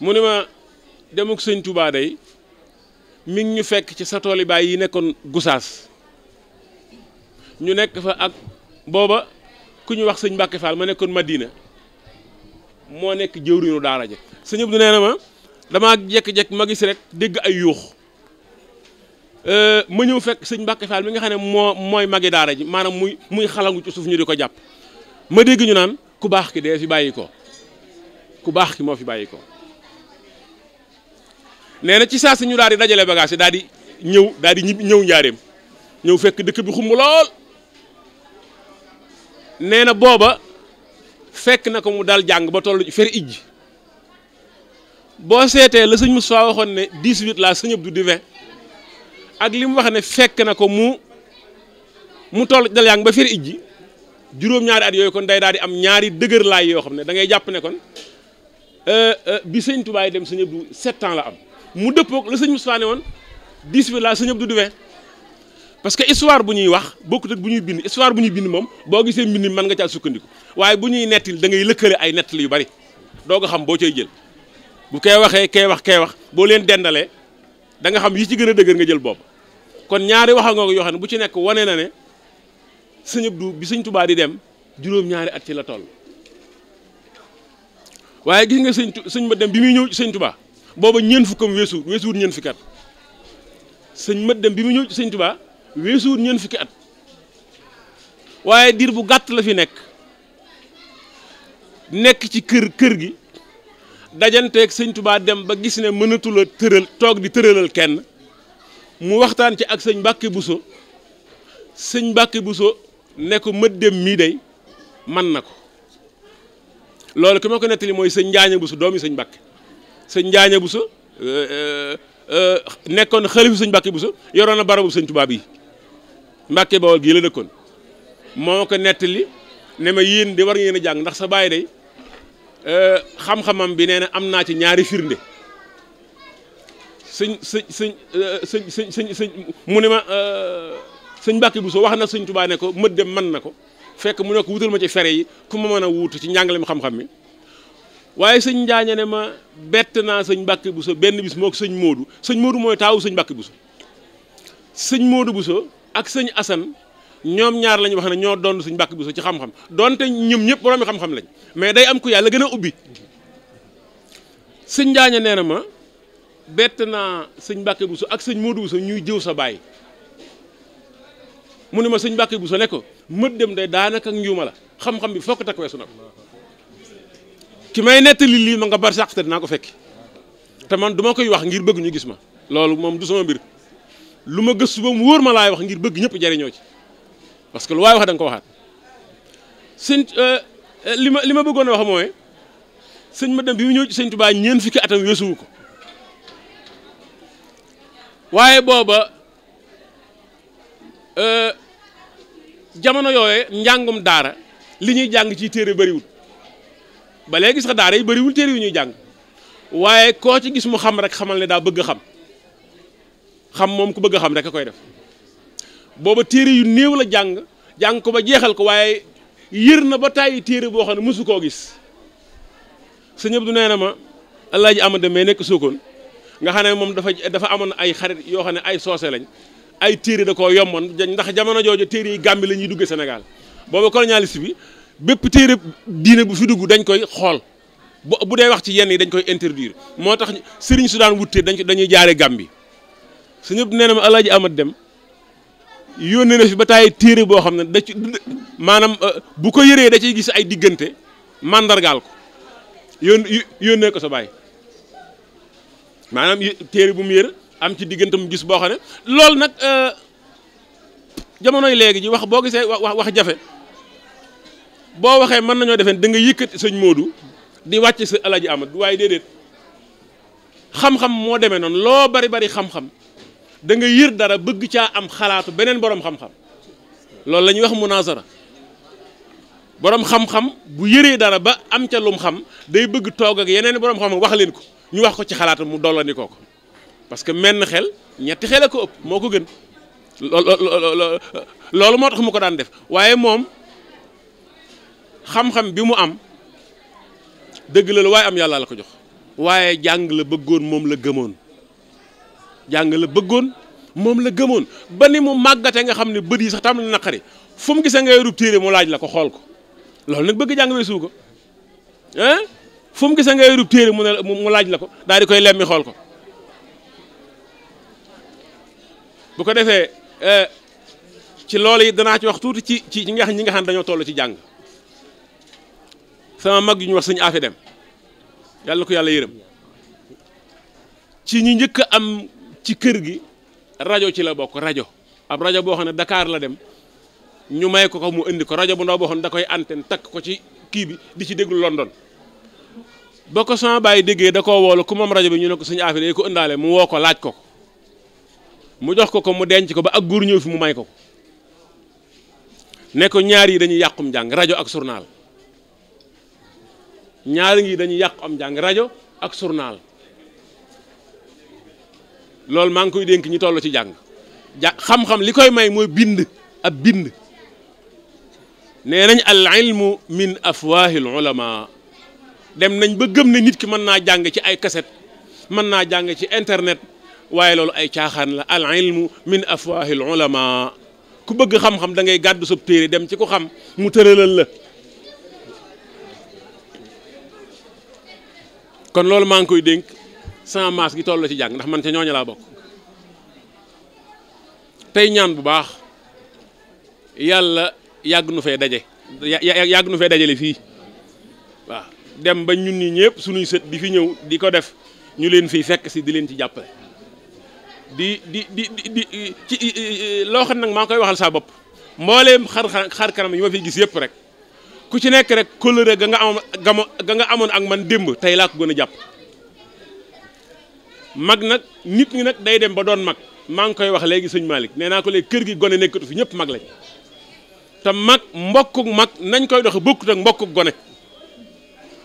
mu ne ma dem sëñ Touba day mi ñu fekk ci sa tooli baay yi nekkoon Gusaas ñu nekk fa ak booba ku ñu wax sëñ Mbàkke Fall ma nekkoon Madina moo nekk jëwriñu daara ja sëñ Abdou nee na ma dama jekk-jekk ma rek dégg ay yuux euh, ma ñëw fekk sëñ Mbàkke Fall mi nga xam ne moo mooy magi daara ji maanaam muy muy xalangu ci suuf ñu di ko jàpp ma dégg ñu naan ku baax ki dee fi bàyyi ko ku baax ki moo fi bàyyi ko nee na ci saa si ñu daal di dajale bagage yi di ñëw daal di ñëw njaareem ñëw fekk dëkk bi xumb lool nee na booba fekk na ko mu dal jàng ba toll fer ij boo seetee la sëñ Moustapha waxoon ne 18 la sëñ Abdou di 20 ak li wax ne fekk na ko mu mu toll dal jàng ba fer ij juróom-ñaari at yooyu kon day daal di am ñaari dëgër laay yoo xam ne dangay jàpp ne kon euh, euh, bi sëñ Tuubaa dem sëñ Abdou sept ans la am mu dëppoog la sëñ Moustapha ne woon dix bi laa sëñ Abdou du vingt parce que histoire bu ñuy wax bokkut ak bu ñuy bind histoire bu ñuy bind moom boo gisee mbind mën nga caa sukkandiku waaye bu ñuy nettil dangay ngay lëkkale ay nettali yu bari doo nga xam boo cay jël bu kay waxee kay wax kay wax boo leen dendalee da nga xam yi ci gën a dëgër nga jël boobu kon ñaari wax nga ko yoo xam ne bu ci nekk wane na sëñ duub bi sëñ Touba di dem juróom-ñaari at ci la tool waaye gis nga sëñ sëñ ma dem bi muy ñëw ci sëñ Touba booba ñeen fukkam weesu weesuwut ñeen fukki at sëñ ma dem bi mu ñëw ci sëñ Touba weesuwut ñeen fukki at waaye diir bu gàtt la fi nekk nekk ci kër kër gi dajanteeg sëñ Touba dem ba gis ne mënatula tëral toog di tëralal kenn mu waxtaan ci ak sëñ Mbàkke Buso sëñ Mbàkke soo ne ko mët dem mii day man na ko loolu ki ma ko nettali mooy sañ njaaña bu su doom yi sañ Mbàkke sëñ njaaña bu su euh, euh, euh, nekkoon xalifu sëñ Mbàkke bu su yoroon na barabu sëñ tubaab yi Mbàkke Bawol gii la dëkkoon moo ko nettali ne ma yéen di war ngeen a jàng ndax sa baay day xam-xamam bi nee na am naa ci ñaari firnde sëñ sëñ sëñ sëñ sëñ sëñ mu ne ma sëñ bu so wax na sëñ Tubaa ne ko mët dem mën na ko fekk mu ne ko wutal ma ci fere yi ku ma mën a wuutu ci njàngalem xam-xam mi waaye sëñ Njaaña ne ma bett naa sëñ Mbàkke Buso benn bis sëñ Moodu sëñ Moodu mooy taawu sëñ Mbàkke Buso sëñ Buso ak sëñ Asan ñoom ñaar lañu wax ñoo doon sëñ Mbàkke Buso ci xam-xam donte ñoom ñëpp boroomi xam-xam lañ mais day am ku yàlla gën a ubbi sëñ Njaaña nee na ma bett naa sëñ Mbàkke Buso ak sëñ Moodu Buso ñuy jëw sa baay mu ne ma sëñ Mbàkke bu so ne ko mët dem day daanaka njuuma la xam-xam bi ko takk weesu na ko ki may nettali lii ma nga bar sax te dinaa ko fekk te man du ma koy wax ngir bëgg ñu gis ma loolu moom du sama mbir lu ma gëstu ba mu wóor ma laay wax ngir bëgg ñëpp jariñoo ci parce que lu waay wax da ko waxaat sëñ euh, euh, li ma li ma bëggoon a wax mooy sëñ ma dem bi mu ñëw ci sëñ Tuubaa ñeent fukki atam weesuwu ko waaye booba Euh, jamono yooye njàngum daara li ñuy jàng ci téere bëriwul ba léegi sax daara yi bariwul téere yu ñuy jàng waaye koo ci gis mu xam rek xamal ne daa bëgg xam xam moom ku bëgg xam rek a koy def booba téere yu néew la jàng jàng ko ba jeexal ko waaye yër na ba tàyyi téere boo xam ne mosu koo gis sëñ Abdou nee na ma El Hadj Amady mais nekk Sokone nga xam ne moom dafa dafa amoon ay xarit yoo xam ne ay soose lañ ay téere da koo yomboon ndax jamono jooju téere yi Gàmbi la ñuy duggee Sénégal booba colonialiste bi bépp téere diine bu fi dugg dañ koy xool bu bu wax ci yenn yi dañ koy interdire moo tax sëriñ su daan wuttee dañ dañuy jaaree Gàmbi su ñëpp nee alaaj amat Dem yónnee na fi ba taay téere boo xam ne da ci maanaam euh, bu ko yéree da ciy gis ay diggante mandargaal ko yón yónnee ko sa baay maanaam téere bu mu yër am ci diggante mu gis boo xam ne loolu nag euh, jamonoy léegi ji wax boo gisee wax wax jafe boo waxee mën nañoo defee da nga yëkkati sëñ moodu di wàcc sa alaji amat waaye déedéet xam-xam moo demee noonu loo bari bari xam-xam da yër dara bëgg caa am xalaatu beneen boroom xam-xam loolu la ñuy wax munazara boroom xam-xam bu yëree dara ba am ca lum xam day bëgg toog ak yeneen borom xam-xam wax leen ko ñu wax ko ci xalaat mu dollandi ko ko parce que menn xel ñetti xel a ko ëpp moo ko gën loolu moo tax mu ko daan def waaye moom xam-xam bi mu am dëgg la la waaye am yàlla la ko jox waaye jàng la bëggoon moom la gëmoon jàng la bëggoon moom la gëmoon ba ni mu màggatee nga xam ne bët yi sax tam la naqari fu mu gisee ngay rub téere mu laaj la ko xool ko loolu nag bëgg jàng weesu ko ah fu gisee ngay rub téere mu ne mu laaj la ko daal di koy lemmi xool ko. bu ko defee eh, ci lool yi danaa ci wax tuuti ci ci ñi nga ñi nga xam dañoo toll ci jàng sama mag yu ñu wax sëñ Afi Dem yàlla ko yàlla yërëm ci ñi njëkk a am ci kër gi rajo ci la bokk rajo ab rajo boo xam ne Dakar la dem ñu may ko ko mu indi ko rajo bu ndaw boo xam ne da koy antenne takk ko ci kii bi di ci déglu London ba ko sama bàyyi déggee da ko woolu ku moom rajo bi ñu ne ko sëñ Afi day ko ëndaale mu woo ko laaj ko ko mu jox ko ko mu denc ko ba ak góor ñëw fi mu may ko ne ko ñaar yi dañuy yàqum jàng rajo ak journal ñaar yi dañuy yàq am jàng rajo ak journal loolu maa ngi koy dénk ñu toll ci jàng ja xam-xam li koy may mooy bind ab bind nee nañ al ilmu min afwaahil ulama dem nañ ba gëm ne nit ki mën naa jàng ci ay kaset mën naa jàng ci internet waaye loolu ay caaxaan la al ilmu min afwahil ulama ku bëgg xam-xam da ngay gàddu sab dem ci ku xam mu tëralal la kon loolu maa ngi koy dénk sama maas gi toll ci jàng ndax man ca ñooñu laa bokk tey ñaan bu baax yàlla yàgg nu fee daje yàgg nu fee dajale fii waaw dem ba ñun ñi ñëpp suñuy sët di fi ñëw di ko def ñu leen fii fekk si di leen ci jàppale di di di di loo xam nag maa ngi koy waxal saa bopp mbooleem xar xar kanam yi ma fiy gis yëpp rek ku ci nekk rek kóllëre ga nga amoon ga nga amoon ak man démb tey laa ko gën a jàpp mag nag nit ñi nag day dem ba doon mag maa ngi koy wax léegi sëñ Malick nee naa ko léegi kër gi gone nekkatu fi ñëpp mag lañ te mag mbokkuk mag nañ koy doxe bokkut ak mbokkuk gone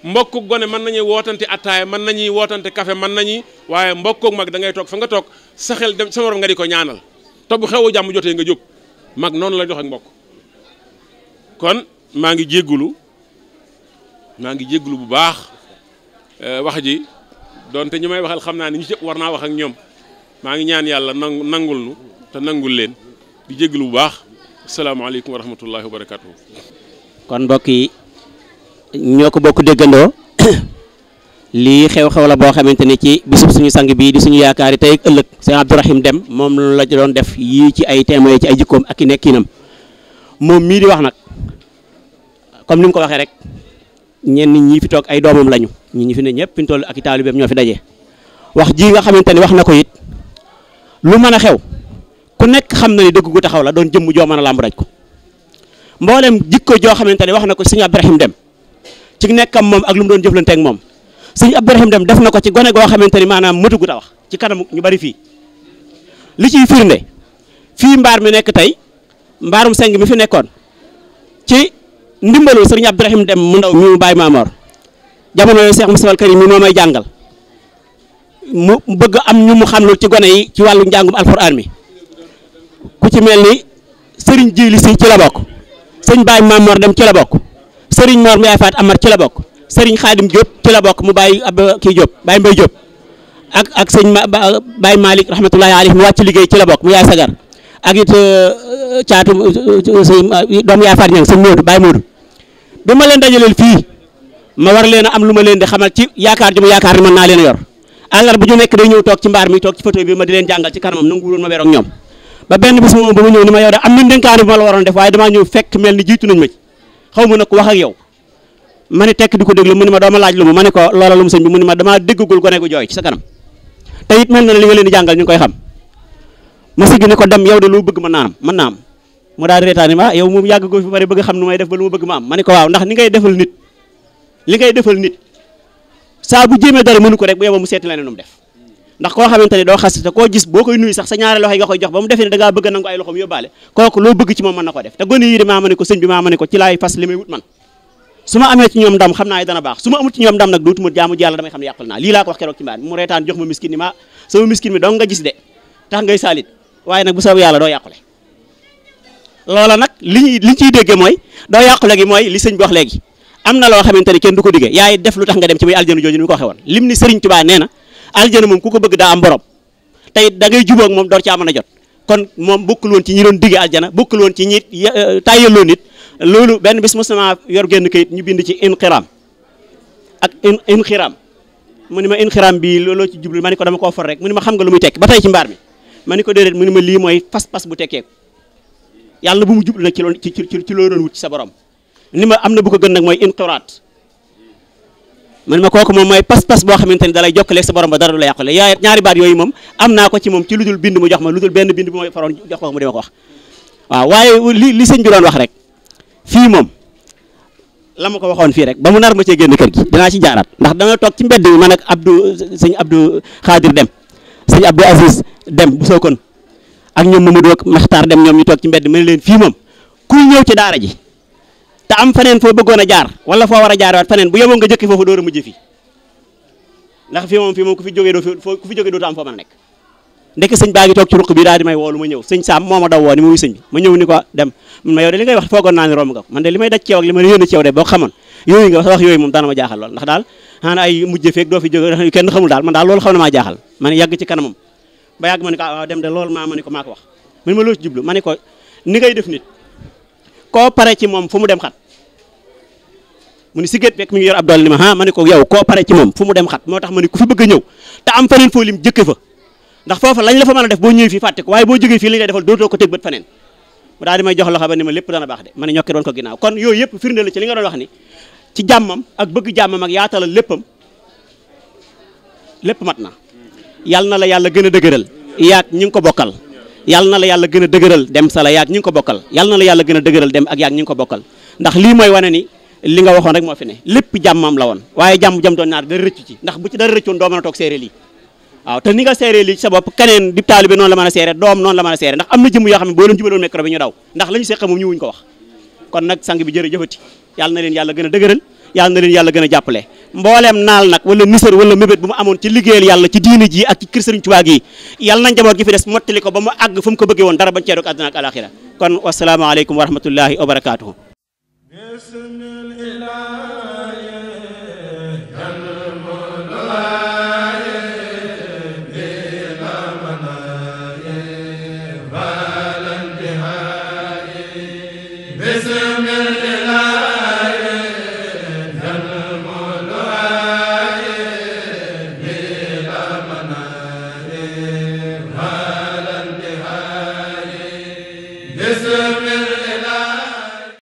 mbokku gone mën nañuy wootante attaaya mën nañuy wootante kafe mën nañuy waaye mbokku mag da ngay toog fa nga toog sa xel dem sa morom nga di ko ñaanal te bu xewu jàmm jotee nga jóg mag noonu la dox ak mbokk kon maa ngi jéggulu maa ngi jéggulu bu baax eh, wax ji doonte ñu may waxal xam naa ni war naa wax ak ñoom maa ngi ñaan yàlla nangu nangul nu te nangul leen di jéggulu bu baax asalaamaaleykum wa rahmatullahi wa barakatuhu ñoo ko bokk déggandoo [coughs] lii xew-xew la boo xamante ni ci bisub suñu sang bii di suñu yaakaar yaakaari tey ëllëg sëñ Abdourahim Dem moom la doon def yii ci ay témoins ci ay jikkoom ak i nekkinam moom mii di wax nag comme ni mu ko waxee rek ñenn ñi fi toog ay doomam lañu ñu ñi fi ne ñëpp fi toll ak i taalibeem ñoo fi daje wax jii nga xamante ni wax na ko yit lu mën a xew ku nekk xam na ni dëgg gu taxaw la doon jëmm joo mën a làmb raj ko mboolem jikko joo xamante ne wax na ko sëñ Abdourahim Dem ci nekkam moom ak lu mu doon jëflante moom sëñ Abdourahim dem def na ko ci gone goo xamante ni maanaam mëtugut a wax ci kanam ñu bari fii li ciy firnde fii mbaar mi nekk tey mbaarum seng mi fi nekkoon ci ndimbalu sëriñ Abdourahim dem mu ndaw mi mu bàyyi maamoor jamono yooyu Cheikh Moustapha Karim mi moo ay jàngal mu bëgg am ñu mu xam xamlul ci gone yi ci wàllu njàngum alxuraan mi ku ci mel ni sëriñ Jili si ci la bokk sëñ Baye Maamoor dem ci la bokk Serigne Mor mi ay faat Amar ci la bokk Serigne Khadim Diop ci la bokk mu bàyyi ab kii Diop bàyyi Mbaye Diop ak ak sëñ Baye Malick rahmatullahi alayhi mu wàcc liggéey ci la bokk mu yaay sagar ak it euh, caatu euh, sëñ euh, doom yaay faat ñang sëñ Modou Baye Modou bi ma leen dajaleel fii ma war leen a am lu ma leen di xamal ci yaakaar ju yaakaar ni mën naa leen yor àllar bu ñu nekk day ñëw toog ci mbaar mi toog ci photo bi ma di leen jàngal ci kanamam nangu wuloon ma weeroog ñoom ba benn bis moom ba ma ñëw ni ma yow da am na ndénkaane bu ma jiitu nañ ma ci xaw ma nag wax ak yow ma ne tekk di ko déglu mu ne ma dama laaj lu mu ma ne ko loola lu mu sëñ bi mu ne ma damaa déggagul gone gu jooy ci sa kanam te it mel na li nga leen di jàngal ñu koy xam ma sigg ne ko dem yow de loo bëgg ma naa am mën naa am mu daa di reetaan ma ah, yow moom yàgg goo fi bari bëgg xam nu may def ba lu ma bëgg ma am ma ne ko waaw ndax ni ngay defal nit li ngay defal nit saa bu jéemee dara mënu ko rek bu yoba mu seeti la ne nu mu def ndax koo xamante ne doo xasita koo gis boo koy nuyu sax sa ñaari loxo yi nga koy jox ba mu defee ne da ngaa nangu ay loxoom yóbbaale kooku loo bëgg ci moom mën na ko def te gone yi de ko sëñ bi maa ko ci laay fas li may xam naa dana baax su ma amut ci ñoom ndam nag dootuma jaamu ne yàqal naa lii laa ko wax keroog ci mbaan mu reetaan jox ma miskin mi dong nga gis de tax ngay saalit waaye nag bu soobu yàlla doo yàqule loola nag li ñuy li ñu ciy dégge mooy doo yàqule gi mooy li sëñ bi wax léegi am na loo xamante ne kenn na aljana moom ku ko bëgg daa am borom tey da ngay jubóog moom door ci am na jot kon moom bokkul woon ci ñi doon digge aljana bokkul woon ci ñi eh, tàyyaloo nit loolu benn bis mos yor génn kayit ñu bind ci inxiraam ak in inxiraam mu ni ma bi looloo ci jublu ma ni ko dama koo for xam nga lu muy tekki ba tey ci mbaar mi ma ni ko déedéet mu ni ma lii mooy pas-pas bu tekkeeku yàlla bu mu jublu nag ci loon ci ci ci loo doon wut ci sa borom ni ma am na bu ko gën nag mooy inqiraat man ma kooku moom mooy pas-pas boo xamante ni dalay jokkaleeg sa borom ba dara du la yàqule yaa ñaari baat yooyu moom am naa ko ci moom ci lu dul bind mu jox ma lu benn bind bu ma faroon jox ko mu dima ko wax waaw waaye li li sëñ bi doon wax rek fii moom la ma ko waxoon fii rek ba mu nar ma cee génn kër gi dinaa ci jaaraat ndax danga toog ci mbedd mi man ak Abdou sëñ Abdou Khadir dem sëñ Abdou Aziz dem bu sookoon ak ñoom Mamadou ak Maxtaar dem ñoom ñu toog ci mbedd ma ne leen fii moom kuy ñëw ci daara ji te am faneen foo bëggoon a jaar wala foo war a jaarwaat faneen bu yemoon nga jëkki foofu door a mujj fi ndax fii moom fii moom ku fi jógee doo fi am foo mën a nekk ndekk sëñ baa ngi toog ci bi daal may woolu ma ñëw sëñ Saam moo ma daw woo ni sëñ ma ñëw ni ko dem ma yow de li ngay wax foogoon naa ni romb nga man de li ma yónni ceew de boo xamoon yooyu nga wax yooyu moom daana ma jaaxal lool ndax man daal ko ah dem wax man ma loo jublu ma ni ko ni ngay def nit koo pare ci moom fu mu dem xat mu ni sigéet fekk mi ngi yor ab doole ni ma ah ma ne ko yow koo pare ci moom fu mu dem xat moo tax ma ne ko fi bëgg ñëw te am feneen foo lim jëkke fa ndax foofa lañ la fa man a def boo ñëwee fii fàtte ko waaye boo jógee fii lañ lay defal dootoo ko teg bët feneen mu daal di may jox loxo ba ni ma lépp dana baax de ma ne ñokkee doon ko ginnaaw kon yooyu yëpp firnde ci li nga doon wax ni ci jàmmam ak bëgg jàmmam ak yaatalal léppam mat na yàlla na la yàlla gën a dëgëral yaag ñi nga ko bokkal yàlla na la yàlla gën a dëgëral dem sa la yaag ñi ngi ko bokkal yàlla na la yàlla gën a dëgëral dem ak yaag ñi ko bokkal ndax lii mooy wane ni li nga waxoon rek moo fi ne lépp jàmmam la woon waaye jàmm jam doon naar dara rëccu ci ndax bu ci a toog séeré lii waaw te keneen di taalibe noonu la mën a séeré doom noonu la mën a séeré ndax am na jëmm yoo xam ne boo leen jubaloon micro bi ñu daw ndax la ñu moom ñu wuñ ko wax kon nag sang bi jërëjëfati yàlla leen yàlla gën a dëgëral yàlla na leen yàlla gën a jàppale mbooleem naal nag wala nisar wala mébét bu mu amoon ci liggéeyal yàlla ci diine ak ci kër Sëriñ Tuubaa gi njaboot gi fi des mottali ko ba mu àgg fu mu bëggee woon dara bañ cee doog àdduna kon wasalaamaaleykum wa rahmatullahi wa